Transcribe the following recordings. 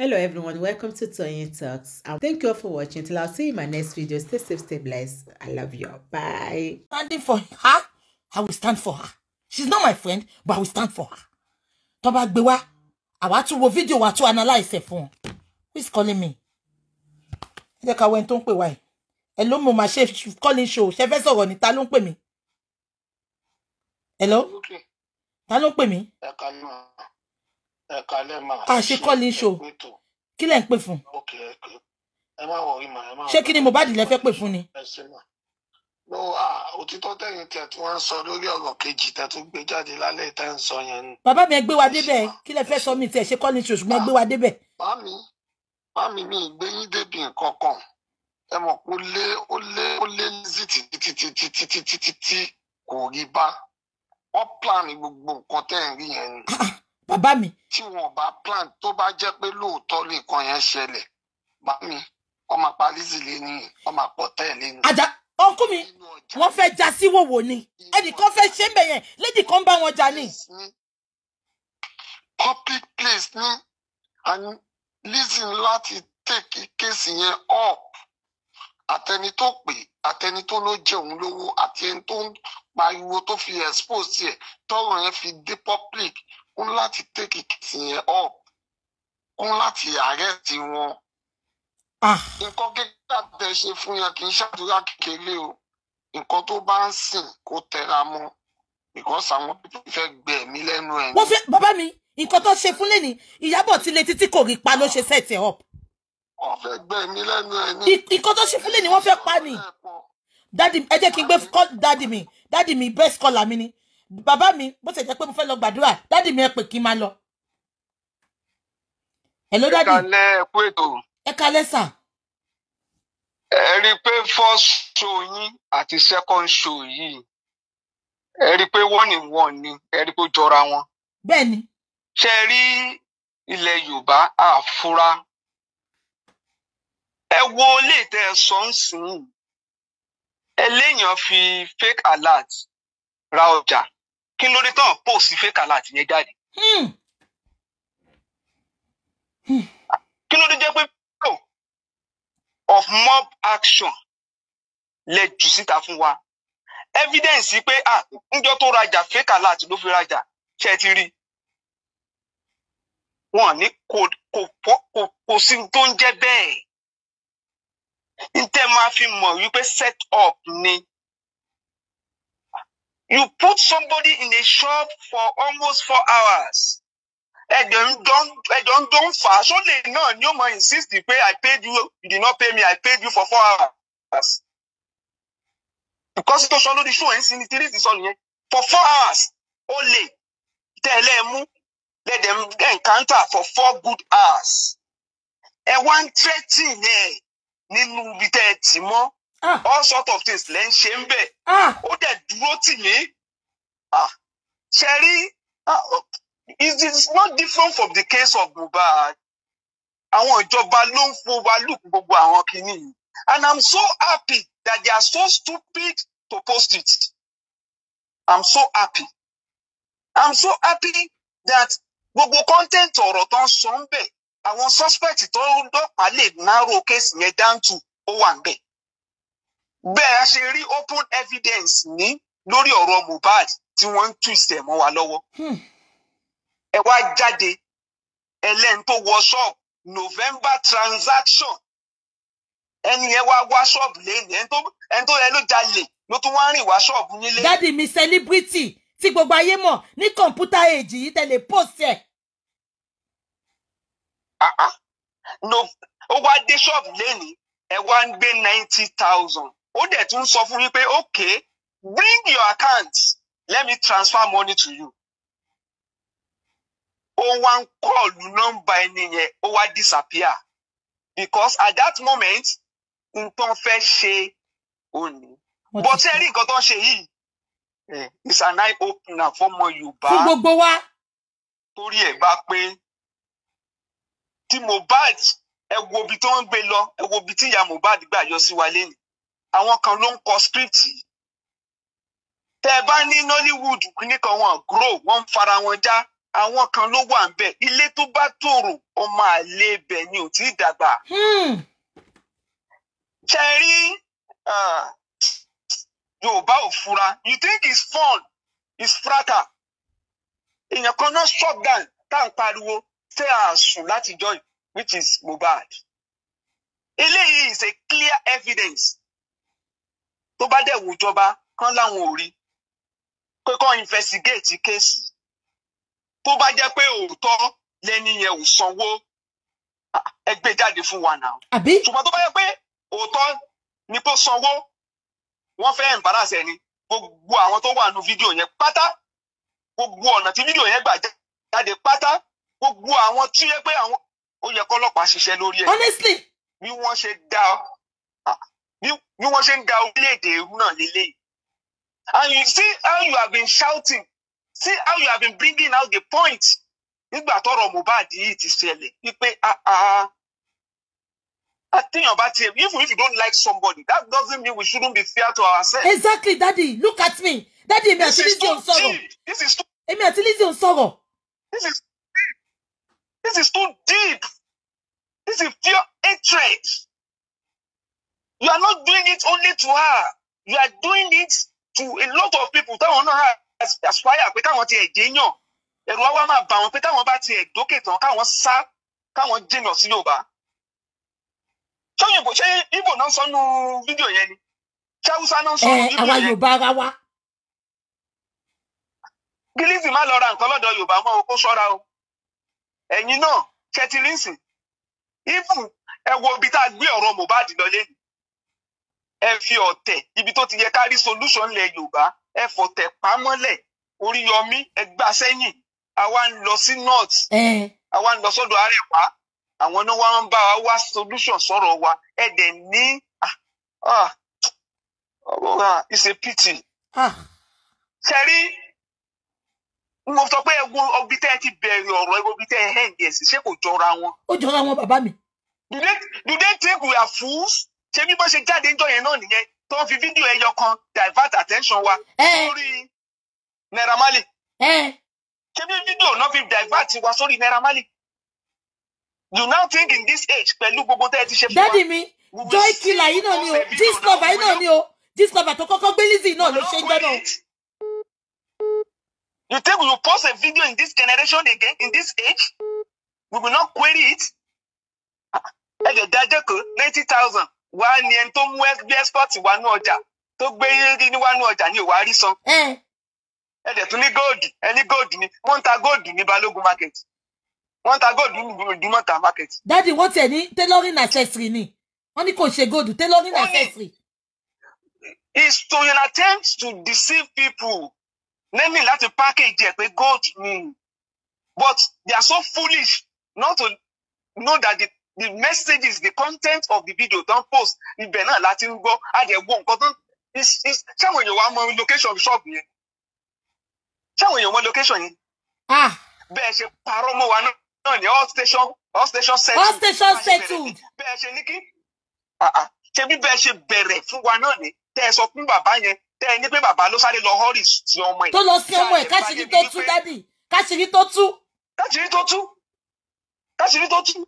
hello everyone welcome to Tony Talks and um, thank you all for watching till i'll see you in my next video stay safe stay blessed i love you bye standing for her i will stand for her she's not my friend but i will stand for her Toba bá gbé wá àwa video, wo fídíò wa tún analyse ẹ fún who is calling me ẹ jẹ́ ká wẹ́n tó ń pè wá calling show ṣe fẹ́ sọ̀rọ̀ ní ta ló hello ta ló ń ẹ kalẹ ma. àṣekọ ní ṣo kí lẹ ń pè fún. ẹ má wọrí ma ṣé kí ni Mohbad lẹ fẹ́ pè fún ni. no òtítọ́ tẹ̀yìn tí ẹ tún wá ń sọ lórí ọ̀rọ̀ kejì tẹ̀ tún gbé jáde lálẹ́ ìta ń sọ yẹn ni. bàbá mi ẹ gbé wa débẹ̀ kí lẹ fẹ́ sọ mi tiẹ̀ ṣe kọ́ ní ṣo ṣùgbọ́n ẹ gbé wa débẹ̀. mami mami mi ìgbéyín débi nǹkan kan ẹ mọ̀ pé ó lé ó lé ó lé Lizzy títítítítítítítí kò rí bá wọ́n plan gbogbo nǹkan tẹ̀ ń rí yẹn ni bàbá mi. tí wọn bá plan tó bá jẹ́ pé lóòótọ́ nìkan yẹn ṣẹlẹ̀ bá mi ọmọ pàlísì lé ní ọmọ àpọ̀tẹ́ lé ní. àjà ọkú mi wọ́n fẹ́ já sí wòwò ni ẹnìkan fẹ́ ṣe ń bẹ yẹn lédì kan bá wọn jà ni. public place ni and listen láti take kéèsì yẹn up àtẹni tó pè àtẹni tó ló jẹun lówó àti ẹni tó ń pariwo tó fi expose tiẹ̀ tọrọ yẹn fi dé public kún láti tẹ́kì kìsì yẹn up kún láti àrẹ́sì wọn. Ah. nǹkan kékeré àtẹ ṣe fún yẹn kì í ṣàdúrà kékeré o nǹkan tó bá ń sìn kó tẹra mọ́ because àwọn tó fẹ́ gbẹ mí lẹ́nu ẹ̀. wọ́n fẹ́ bàbá mi nǹkan tó ṣe fún lẹ́ni ìyàbọ̀ tí lè títí kò rí pa ló ṣe set up. wọ́n fẹ́ gbẹ mí lẹ́nu ẹ̀ ní. nǹkan tó ṣe fún lẹ́ni wọ́n fẹ́ pa ni dadi ẹ jẹ́ kí n gbé dadi mi dadi mi best caller mi ni bàbá mi bó ṣe jẹ́ pé mo fẹ́ lọ gbàdúrà dádì mi ẹ pè kí n máa lọ. ẹ kalẹ́ ẹ kú ètò. ẹ kalẹ́ sà. ẹ rí i pé first show yín àti second show yìí ẹ rí i pé one in one ni ẹ rí i pé ó jọra wọn. bẹ́ẹ̀ni. ṣe rí ilẹ̀ yorùbá àfúrá ẹ wo ilé ìtẹ sọ́nsìn ẹlẹ́yàn fi fake alert ra ọjà kí ló dé tán post fake alert yẹn jáde. Hmm. Hmm. kí ló dé jẹ́ pé video of mob action lè jù síta fún wa evidence pé ah njọ́ tó rajà fake alert ló fi rajà ṣe ti rí wọn ní kò kò kò sí tó ń jẹ́ bẹ́ẹ̀ n tẹ́ máa fi mọ̀ wípé set up ni You put somebody in a shop for almost four hours. Ẹ̀jẹ̀ ń dán ẹ̀jọ̀ ń dán fà á. Sólè náà ni ó mọ insist pé I paid you, you did not pay me, I paid you for four hours. Because tó sọ lórí ṣóò ẹ̀ ń sin ní tírísì sọ nìyẹn. For four hours, ó lè tẹ̀lé ẹ mú lẹ́dẹ̀ ń encounter for four good hours. Ẹ wá ń tẹ́tì yẹn nínú ibi tẹ́ ẹ tì mọ́. Ah. all sort of things lẹ́ ń ṣe ń bẹ̀ ah. ó dẹ̀ dúró tì yín ah. ṣe oh, it is not different from the case of Mohbad àwọn ìjọba ló ń fún wa lùkù gbogbo àwọn kìíní yìí and i'm so happy that they are so stupid to post it i'm so happy i'm so happy that gbogbo content ọ̀rọ̀ tó ń sọ ń bẹ̀ àwọn suspect tó ń dọ́pàá lè narrow case yẹn down to ó wà bẹ́ẹ̀ ṣe rí open evidence ní lórí ọ̀rọ̀ Mohbad tí wọ́n ń twist ẹ̀ mọ́ wa lọ́wọ́ hmm. ẹ wá jáde ẹlẹ́ni tó wọ ṣọ́ọ̀bù November transaction ẹni yẹn wá wá ṣọ́ọ̀bù lẹ́yìn ẹni tó yẹ ló jalè ló tún wá rìn wá ṣọ́ọ̀bù nílé. dádì mi celebrity tí gbogbo ayé mọ̀ ní kọ̀ǹpútà èjì yìí tẹ̀lé post ẹ̀. Ah, ah. ó wá dé ṣọ́ọ̀bù lẹ́yìn ẹ wá ń gbé ninety thousand ó dẹ̀ tún sọ fún yín pé okay bring your account let me transfer money to you ó wá ń kọ́ọ̀lù nọ́mbà ẹni yẹn ó wá disappear because at that moment nǹkan fẹ́ ṣe òní but ẹ rí nǹkan tó ń ṣe yìí eh, it's an eye opener fọmọ Yorùbá fún gbogbo wa torí ẹ bá pé tí Mohbad ẹ wo ibi tó ń gbé lọ ẹ wo ibi tí ìyá Mohbad gbà yọ sí wa lẹ́nu àwọn kan ló ń kọ scripti tẹ bá ní Nollywood nìkan wọn grow wọn fara wọn já àwọn kan ló wà ń bẹ ilé tó bá tòrò ọmọ àlè ibẹ ni ò tí ì dàgbà. Hmm. ṣe Yorùbá ò fura you think it's fun it's frata èèyàn kan náà down. tá à ń pariwo tẹ àsùn láti join which is Mohbad eléyìí is a clear evidence tó bá dẹ̀ wù jọba kán láwọn ò rí pé kán investigate kéèsì tó bá jẹ́ pé òótọ́ lẹ́ni yẹn ò sanwó ẹ jáde fún wa náà. àbí. ṣùgbọ́n tó bá yẹ pé òótọ́ ni kó sanwó wọ́n fẹ́ embarrass ẹni gbogbo àwọn tó wà nù fídíò yẹn pátá gbogbo ọ̀nà tí fídíò yẹn gbà jáde pátá gbogbo àwọn tí yẹ pé àwọn ó yẹ kọ́lọ́pàá ṣiṣẹ́ lórí ẹ̀. bí wọ́n ṣe dá bí wọ́n ṣe ń da orílẹ̀-èdè irú náà lélẹ́yìí and you see how you have been shouting see how you have been bringing out the point nígbà tọ́rọ̀ Mohbad yìí ti ṣẹlẹ̀ wípé àtẹ̀yàn bá tiẹ̀ even if you don't like somebody that doesn't mean we shouldn't be fair to ourselves. exactly daddy look at me daddy èmi àti Lizzy ò ń sọ̀rọ̀ èmi àti Lizzy ò ń sọ̀rọ̀. this is this is too deep this is pure hatred you are not doing it only to her you are doing it to a lot of people táwọn náà aspire pé káwọn ti ẹ̀jẹ̀ yàn ẹ̀rù wa máa bà wọn pé káwọn bá ti ẹ̀dókè tán káwọn sá káwọn jìnà sí Yorùbá sọyìnbó ṣé Ìgbò náà sọ nú fídíò yẹn ni ṣé Haúsá náà sọ nú eh, fídíò yẹn. àwa Yorùbá ara wa. gílífì má lọ ra nǹkan lọ́dọ̀ Yorùbá mọ́ o kó ṣọ́ra o ẹ̀yin náà kẹtìlínsì ìfù ẹ wo ibi tá a gbé ọ̀rọ̀ Mohbad lọ lẹ́nu ẹ fi ọ̀tẹ̀ ibi tó ti yẹ ká rí solution lẹ̀ yorùbá ẹ fọ̀tẹ̀ pamọ́lẹ̀ oríyọmí ẹ gbà sẹ́yìn àwa ń lọ sí north àwa ń lọ sọ́dọ̀ àrẹ̀wá àwọn náà wá bá wa wá solution sọ̀rọ̀ wa ẹ dẹ̀ ní ah, ah, ọ̀rọ̀ a pity. sẹ́rí ah. mo sọ pé ẹgbọn ọbí tẹ́ ẹ ti bẹ̀rẹ̀ ọ̀rọ̀ ẹgbọn ọbí tẹ́ ẹ hẹ́ǹdì ẹ̀sìn ṣé kò jọra wọn. ó jọra wọn bàbá mi. do they do they think we are fools? ṣé bí wọ́n ṣe jáde ńjọ yẹn náà nìyẹn tó ń fi fídíò ẹyọ kan divert attention wa sórí Naira Marley ṣé bí fídíò náà fi divert wa sórí Naira Marley you now think in this age pẹ̀lú gbogbo tẹ́ ẹ ti ṣe fún wa. dádì mi joy killer yìí náà ni o discover yìí náà ni o discover tó kọ́kọ́ gbé Lizzy náà ló ṣe ń gbẹ́ You think we will post a video in this generation again, in this age? We will not query it. Ẹ jẹ́ dájẹ́ kan ninety thousand wá ní ẹni tó mú gbé export wá ní ọjà tó gbé rí níwájú ọjà ní ìwà rí san. ẹ dẹ̀ tún ní góòdì ẹ ní góòdì ni wọ́n ń ta góòdì ní balógun market wọ́n ń ta góòdì ní ìdúmọ̀tà market. dáàdi wọ́n tiẹ̀ ní tailoring accessory ni wọ́n ní kò ṣe góòdì tailoring accessory. is to an attempt to deceive people lẹ́mìn láti package ẹ̀ pé gold ni but they are so foolish not to know that the the messages the content of the video don post ibẹ̀ náà láti ń gbọ́ àjẹwò nǹkan tó ń ṣàwọn èèyàn wa mọ location shop yẹn ṣàwọn èèyàn mọ location yẹn ah! bẹ́ẹ̀ ṣe parọ́ mọ́ wa náà ní all station all station settled all station settled bẹ́ẹ̀ ṣe ní kí ah, ah. ṣe bí bẹ́ẹ̀ ṣe bẹ̀rẹ̀ fún wa náà ní tẹ́ ẹ sọ fún bàbá yẹn tẹ́ ẹ ní pé bàbá ló sáré lọ họ́rì sí ọmọ ẹ̀. tó lọ sí ọmọ ẹ̀ káṣírí tó tú dádì káṣírí tó tú. káṣírí tó tú káṣírí tó tú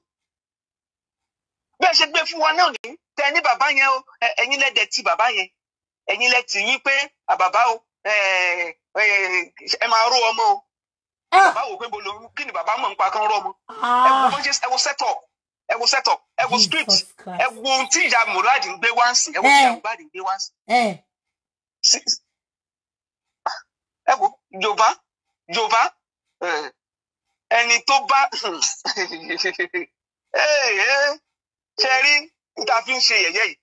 bẹ́ẹ̀ ṣe gbé fún wa náà ní tẹ ní bàbá yẹn o ẹ̀yin lẹ́dẹ̀ ti bàbá yẹn ẹ̀yin lẹ́ ti yín pé àbàbá o ẹ máa ró ọmọ o ah! bàbá wò pé mo lò kí ni bàbá mọ̀ nípa kan ró ọmọ ẹ wo ah! bó ẹ wo set ẹ wo set ẹ wo script ẹ wo ohun tí ìyá Mohbad ń gbé wá sí ẹ wo eh! tí ìyá Mohbad ń gbé wá sí. Eh! ẹ wo Yorùbá Yorùbá eh, ẹni tó bá. ṣe rí níta fi ń ṣe yẹ̀yẹ́ yìí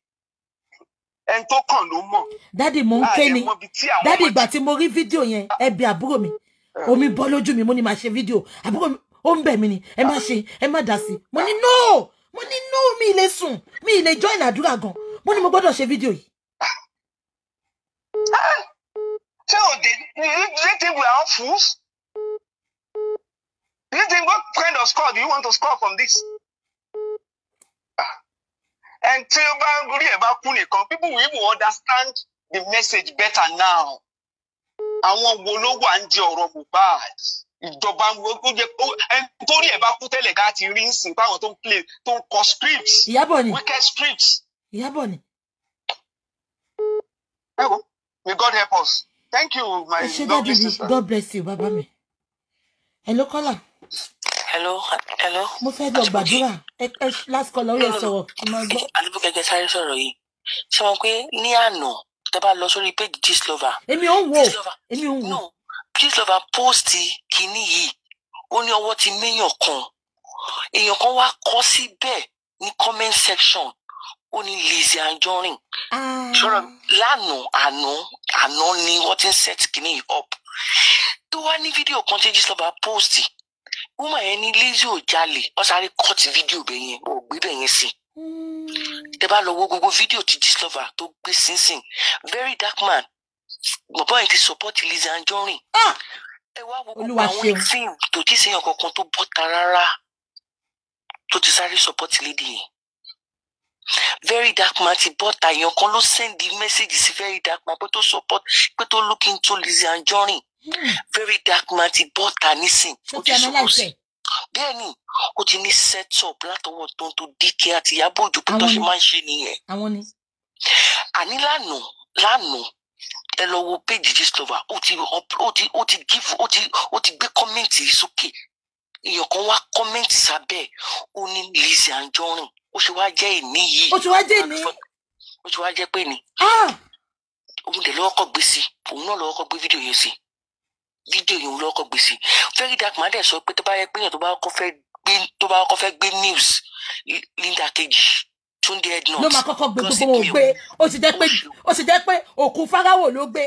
ẹni tó kàn ló mọ̀. dádì mo ń ké ni dádì ìgbà tí mo rí fídíò yẹn ẹ bi àbúrò mi eh. omi bọ́ lójú mi mo ní máa ṣe fídíò àbúrò mi ó ń bẹ̀ mí ni ẹ má ṣe ẹ má dá sí mo ní no mo ní no mi ì lè sùn mi ì lè join àdúrà gan mo ní mo gbọ́dọ̀ ṣe fídíò yìí. Ah! ṣé òde you think we are all fools? you think what kind of score do you want to score from this? And tí ó bá rí ẹ̀ people will even understand the message better now I want ló and ń jẹ and Mohbad ìjọba ó jẹ ẹni rings, rí ẹ̀ bá kú play tó ń scripts Yaboni, wicked scripts. Yaboni. ni. may God help us thank you my lovely God bless you Baba me. hello caller hello hello. mo fẹ́ lọ gbàdúrà ẹ last call lórí ẹ sọ̀rọ̀ kí n máa gbọ́. àdébùkẹ́kẹ́ sáré sọ̀rọ̀ yìí ṣé wọn pé ní àná tẹ bá lọ sórí page Gistlover. èmi ò ń wò èmi ò ń wò. Gistlover post kínní yìí ó ní ọwọ́ ti méyàn kan èèyàn kan wá kọ́ síbẹ̀ ní comment section ó ní Lizzy Anjorin ah. ṣọ́ra lánàá àná àná ni wọ́n ti ń set kínní yìí up tó wá ní fídíò kan tí Gistlover post woman yẹn ní Lizzy ò jalè wọ́n sáré cut video bẹ́ẹ̀ yẹn wọ́n gbé bẹ́ẹ̀ yẹn sí hmm. tẹ bá lọ wo gbogbo fídíò ti discover tó gbé sínsìn very dark man bàbá yẹn ti support Lizzy Anjorin ah! ẹ wá wo gbogbo àwọn fíìmù tó ti sèyàn kankan tó bọ́ta rárá tó ti sáré support lady yẹn very dark man ti bọ́ta èèyàn kan ló send the message sí very dark man pé tó support pé tó look into Lizzy Anjorin very dark man ti bọ́ta nísìn ó ti sọ̀rọ̀ sí bẹ́ẹ̀ ni ó ti ní set up látọwọ́ tó ń to díkẹ́ àti Ìyábọ̀ Òjó tó ṣe máa ń ṣe nìyẹn. àní lánàá lánàá ẹ lọ wo page Gistlover ó ti ó ti ó ti give ó ti ó ti gbé kọ́mẹ́ǹtì yìí sókè èèyàn kan wá kọ́mẹ́ǹtì sábẹ́ ó ní Lizzy Anjorin ó ṣe wá jẹ́ ìní yìí. ó ṣe wá jẹ́ ìní. ó ṣe wá jẹ́ pé ni. Ah! òun dẹ̀ lọ́wọ́ kọ́ gbé sí òun náà lọ́wọ́ kọ́ gbé fídíò yẹn sí fídíò yẹn ló kọ́ gbèsè very dark man dẹ̀ sọ pé tó bá yẹ pé èèyàn tó bá kọ́ fẹ́ gbé news Linda Kejì Túndé Ednut. ló máa kọ́kọ́ gbé gbogbo wọn gbé ó ti jẹ́ pé ó ti jẹ́ pé òkú Fáráwò ló gbé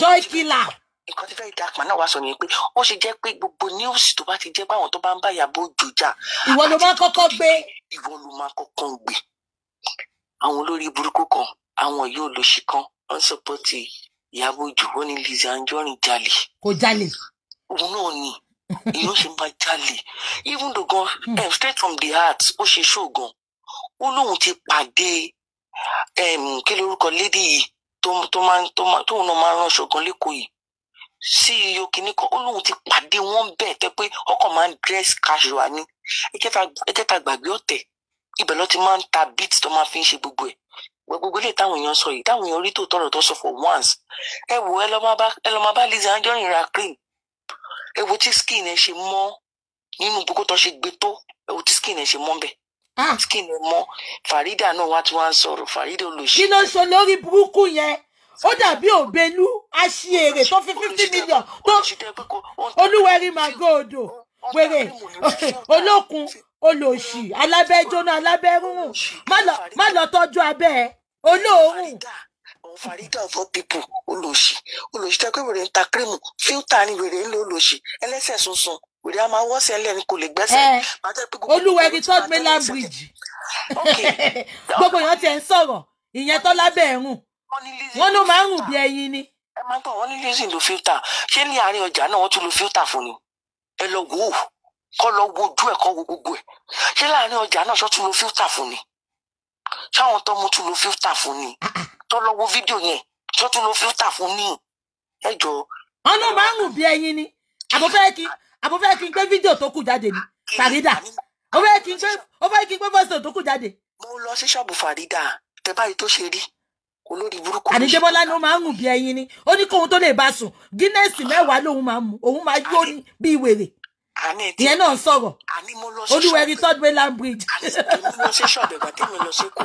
Joy Killer nǹkan tí fẹ́ dark man náà wá sọ nìyẹn pé ó ṣe jẹ́ pé gbogbo news tó bá ti jẹ́ pé àwọn tó bá ń bá ìyàbọ̀ jòjà. ìwọ ló máa kọ́kọ́ gbé. ìwọ ló máa kọ́kọ́ gbé. àwọn olórí burúkú kan àwọn yóò lòṣì kan wọ́n Ìyábọ̀ Òjó ó ní Lizzy Anjorin jalè. kò jalè. òun náà ni ìlú ṣe máa jalè even though gan um, straight from the heart ó ṣe show gan ó lóun ti pàdé um, kí lorúkọ lédè yìí tó máa tó máa tóun náà máa ránṣọ gan lẹ́kọ̀ọ́ yìí ceo kìíní kan ó lóun ti pàdé wọn bẹ́ẹ̀ tẹ́ pé ọkọ̀ máa ń dress casual ni ẹ̀kẹta gbàgbé ọ̀tẹ̀ ibẹ̀ ló ti máa ń ta beat tó máa fi ń ṣe gbogbo ẹ̀ gbogbo ilé táwọn èèyàn sọ yìí táwọn èèyàn rí tó tọrọ tó sọ for once ẹ wo ẹ lọ máa bá Lizzy Anjorin ra cream ẹ wo tí skin ẹ ṣe mọ́ nínú gbogbo tó ṣe gbé tó ẹ wo tí skin ẹ ṣe mọ́ bẹ́ẹ̀ ah! skin mọ Farida náà wá tí wọ́n sọ̀rọ̀ Farida olùṣe. kí ló ń sọ lórí burúkú yẹn ó dàbí òbelú aṣèrè tó fi fifty million tó olúwẹrí máa gbé odò wèrè olókun olóòṣì alábẹ́ jóná alábẹ́ rúrùn má lọ tọ́jú abẹ́ ẹ olóòórùn. òun fàrígà ọ̀fọ́ pípù olóòṣì olóòṣì tẹ́ pé wèrè ń ta kírímù fíútà ni wèrè ń lo olóòṣì ẹlẹ́sẹ̀ sunsun wèrè a máa wọ́sẹ̀ lẹ́ni kò lè gbẹ́sẹ̀. olúwẹ̀rí third mainland bridge gbogbo èèyàn tiẹ̀ ń sọ̀rọ̀ ìyẹn tó lábẹ́ ẹ̀rùn wọn ló máa ń rùn bí ẹyin ni. ẹ máa gbọ́ wọn ní Lizzy lo fíútà ṣé ní àárín ọjà náà wọ́n tún lo fíútà fún ni ẹ lọ wò ó kọ́ lọ wo ojú ẹ̀ kọ́ wo gbogbo ẹ̀ ṣé láàrin ọjà náà ṣọ́ tún lo fíltà fún ni ṣáwọn tó mú tún lo fíltà fún ni tó lọ wo fídíò yẹn ṣọ́ tún lo fíltà fún ni ẹ jọ. wọn máa ń rùn bí ẹyin ni àbúfẹ́ kí àbúfẹ́ kí n gbé fídíò tó kù jáde ni Farida ó fẹ́ kí n gbé ó fẹ́ kí n gbé fọ́sítọ̀ tó kù jáde. mo lọ sí ṣọ́ọ̀bù Farida tẹ báyìí tó ṣe rí olórí burúkú. àdìjẹ́bọ́lá ni ó máa ń rùn bí ẹyin ni ó ní kóhun tó lè bá sùn Guinness mẹ́wàá lòun máa ń mu òun máa yó ní bíi wèrè ìyẹn náà ń sọ̀rọ̀ olúwẹ̀rí third mainland bridge. àní mo lọ mo lọ sí kù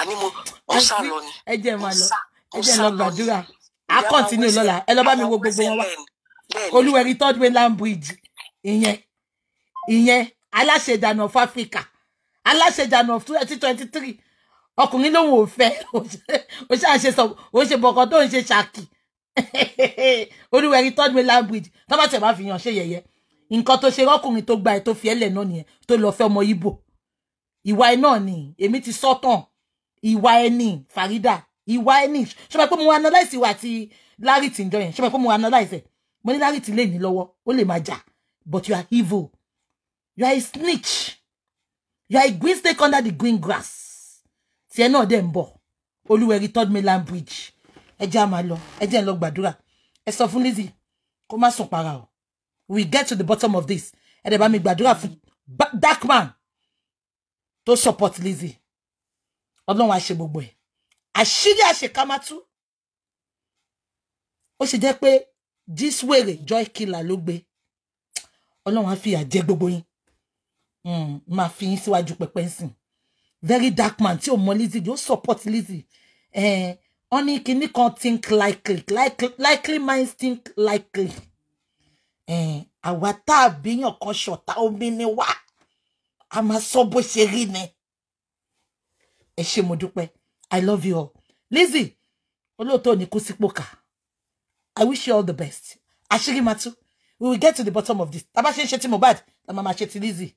àní mo ó sá lọ ni. ẹ jẹ́ máa lọ ẹ jẹ́ lọ gbàdúrà a kọ́ntínú lọ́la ẹ lọ bá mi wo gbogbo wọn wá olúwẹ̀rí third mainland bridge ìyẹn ìyẹn aláṣẹdànù of Africa aláṣẹdànù of twenty twenty three ọkùnrin lòun ò fẹ́ ó ṣáà ṣe sọ ó ṣe bọ̀kọ̀ tó ń ṣe ṣàkì olúwẹ̀rí third mainland bridge tọ́bàtì ẹ̀ bá fi hàn ṣe yẹ̀yẹ́ nǹkan tó ṣe rọ́kùnrin tó gba ẹ̀ tó fi ẹ̀lẹ̀ náà nìyẹn tó lọ fẹ́ ọmọ Ìgbò ìwà ẹ̀ náà ni èmi ti sọ́tàn ìwà ẹ̀ ni Farida ìwà ẹ̀ ni ṣé pé mo analyse ìwà àti Larry tí ń jọ yẹn ṣé pé mo analyse ẹ̀ mo ní Larry tí lè ní lọ́wọ́ ó lè máa jà but you are evil you are a snitch you are a green snake under the green grass tiẹ̀ náà dẹ̀ ń bọ̀ olúwẹ̀rí third mainland bridge ẹ jẹ́ a máa lọ ẹ jẹ́ ń lọ gbàdúrà ẹ sọ fún Lizzy kó má sùn para o we get to the bottom of this ẹ dẹ̀ bá mi gbàdúrà fún dark man tó support Lizzy ọlọ́run á ṣe gbogbo ẹ̀ àṣírí àṣekámátú ó ṣe jẹ́ this way. joy killer ló gbé ọlọ́run á fi jẹ gbogbo yín hmm, máa fi yín síwájú pẹpẹ ńsìn very dark man tí ò mọ Lizzy yóò support Lizzy Eh, ní kinní kan think likely likely likely minds think likely. Eh, àwa tá a bíyàn kan ṣọ̀tá omi ni wá a máa sọ bó ṣe rí ni ẹ ṣé mo dúpẹ́ i love you all Lizzy olóòótọ́ ní kú sípò kà i wish you all the best àṣírí máa tú we will get to the bottom of this tá bá ṣe ń ṣe ti Mohbad la máa máa ṣe ti Lizzy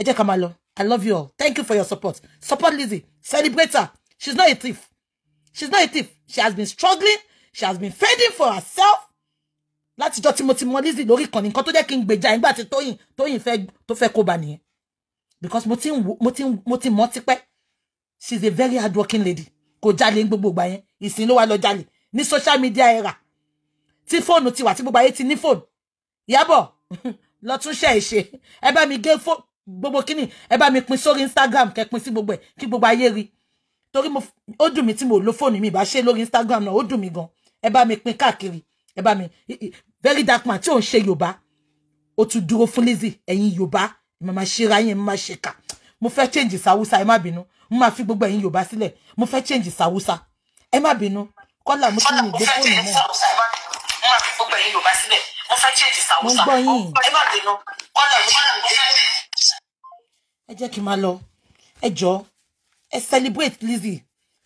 ẹ jẹ́ ká máa lọ i love you all thank you for your support support Lizzy celebrate her she's not a thief she's not a thief she has been struggling she has been fending for herself látijọ́ tí mo ti mọ Lizzy lórí ìkànnì nǹkan tó jẹ́ kí n gbèjà ẹ̀ nígbà tí Tóyìn Tóyìn fẹ́ tó fẹ́ kó ba nìyẹn because mo ti ń wo mo ti ń mo ti mọ tipẹ́ she is a very hard working lady kò jalè ní gbogbo ìgbà yẹn ìsìn ló wá lọ jalè ní social media era tí fóònù ti wà tí gbogbo ayé ti ní fóònù Ìyábọ̀ lọ tún ṣe ìṣe ẹ bá mi gé fóònù gbogbo kíni ẹ bá mi pin sórí Instagram kẹ pin sí gbogbo ẹ kí gbogbo ayé rí torí mo ó dùn mí tí mo lo fóònù mi ìbá ṣe lórí Instagram náà ó dùn mí gan ẹ bá mi pin káàkiri ẹ bá mi very dark man tí ò ń ṣe yorùbá ó tún dúró fún Lizzy ẹ̀yin yorùbá ẹ máa ṣera yín ẹ máa ṣèkà mo fẹ́ change sàwúsà ẹ má bínú mo máa fi gbogbo ẹ̀yin yorùbá sílẹ̀ mo fẹ́ change sàwúsà ẹ má bínú kọ́là mo tún ní ìgbé fóònù náà. mo fẹ́ change sàwúsà ẹ má bínú kọ́là mo tún ní ìgbé fóònù náà. ẹ jẹ́ kí n máa lọ ẹ jọ̀ọ́ ẹ celebrate Lizzy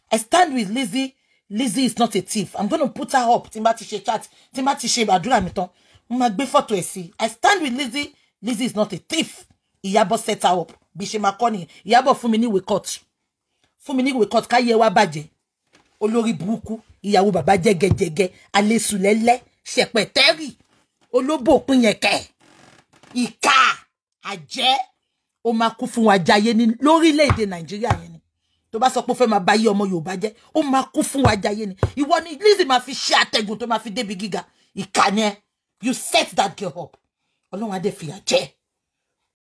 I stand with Lizzy Lizzie is not a thief i'm gonna put her up tí n bá ti ṣe chat tí n bá ti ṣe àdúrà mi tán mo máa gbé fọ́tò ẹ̀ sí i stand with Lizzie. Lizzie is not a thief Ìyábọ̀ set her up bí ṣe máa kọ́ nìyẹn Ìyábọ̀ fún mi níwèé cut. fún mi níwèé court káyé wa bàjẹ́ olórí burúkú ìyàwó bàbá jẹ́gẹ́jẹ́gẹ́ alẹ́sùlẹ́lẹ́ ṣẹ̀pẹ̀tẹ́rì olóbò òpin yẹn kẹ́ ìka àjẹ́ ó máa kú fún wa jayé ní lórílẹ̀‐èdè Nàìjíríà yẹn tó bá sọ pé ó fẹ́ máa ba yé ọmọ Yorùbá jẹ́ ó máa kú fún wa jayé ni ìwọ ni Lizzy máa fi ṣe àtẹ̀gùn tó máa fi débi gíga ìkànnì ẹ you set that girl up ọlọ́run adé fìyà jẹ́ ẹ